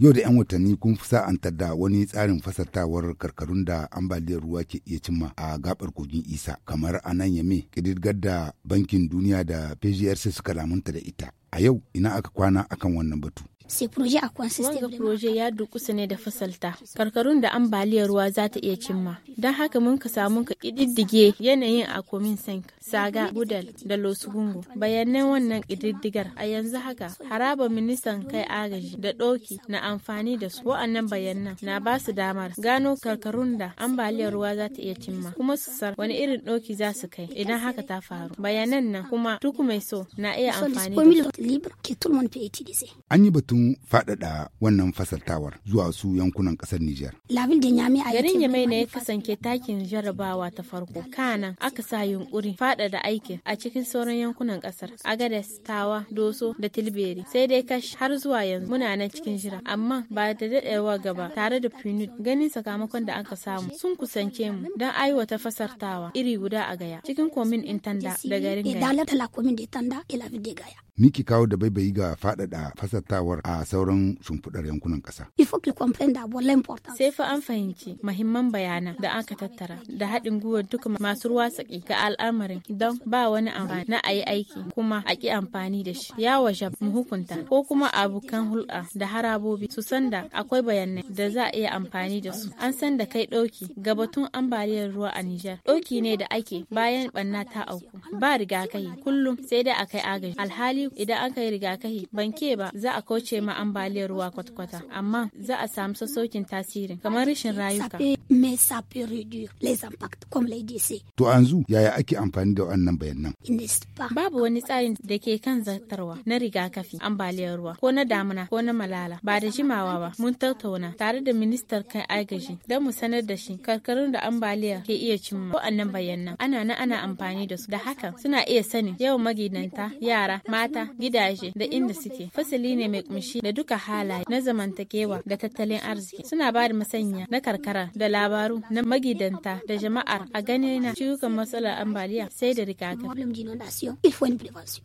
Yau da 'yan watanni kun fi sa'antar da wani tsarin fasattawar karkarun da ambaliyar ruwa ke iya cimma a gabar kogin isa kamar a nan yame kididgar da bankin duniya da PGRC suka lamunta da ita. A yau ina aka kwana akan wannan batu. wanga proje ya dukusa ne da fasalta karkarun da ambaliyar ruwa za ta iya cimma don haka mun ka samu ka kididdige yanayin a komin sanka. Saga, Budel da Losugungu. Bayanan wannan kididdigar a yanzu haka haraba ministan kai agaji da ɗoki na amfani da su wa'annan bayanan na ba su damar gano karkarun da ambaliyar ruwa za ta iya cimma kuma su san wani irin ɗoki za su kai idan haka ta faru. Bayanan nan kuma duk mai so na iya amfani An yi batun faɗaɗa wannan fasaltawar zuwa su yankunan ƙasar Nijar. Garin Yamai ne ya kasance takin jarabawa ta farko. Kana aka sa yunƙuri da aikin a cikin sauran yankunan ƙasar Agades, Tawa, Doso da Tilberi. Sai dai kashi. har zuwa yanzu muna nan cikin jira amma ba da daɗewa gaba tare da pinut. ganin sakamakon da aka samu sun kusance mu don aiwata fasartawa iri guda a gaya cikin komin in tanda da garin gaya. Miki kawo da baibayi ga faɗaɗa fasattawar a sauran shimfiɗar yankunan ƙasa. Sai fa an fahimci mahimman bayanan da aka tattara da haɗin gwiwar duka masu ruwa ga al'amarin Dan don ba wani amfani na a yi aiki kuma a ƙi amfani da shi ya waje mu hukunta ko kuma abokan hulɗa da harabobi su san da akwai bayanai da za a iya amfani da su an san da kai ɗauki ga batun ambaliyar ruwa a Nijar ɗauki ne da ake bayan ɓanna ta auku ba rigakahi, kullum sai dai akai agaji alhali idan aka yi ban ke ba za a kauce ma ambaliyar ruwa kwatkwata amma za a samu sassaukin tasirin kamar rashin rayuka. To yanzu yaya ake amfani da wannan bayanan. Babu wani tsarin da ke kan zartarwa na rigakafi ambaliyar ruwa ko na damuna ko na malala ba da jimawa ba mun tattauna tare da ministar kai agaji don mu sanar da shi karkarun da ambaliya ke iya cimma annan bayanan ana na ana amfani da su da haka suna iya sani. yawan magidanta yara mata gidaje da inda suke fasali ne mai kumshi da duka halaye na zamantakewa da tattalin arziki suna ba da masanya na karkara da labaru na magidanta da jama'ar a gane na ciwukan matsalar ambaliya de Le problème d'inondation, il faut une prévention.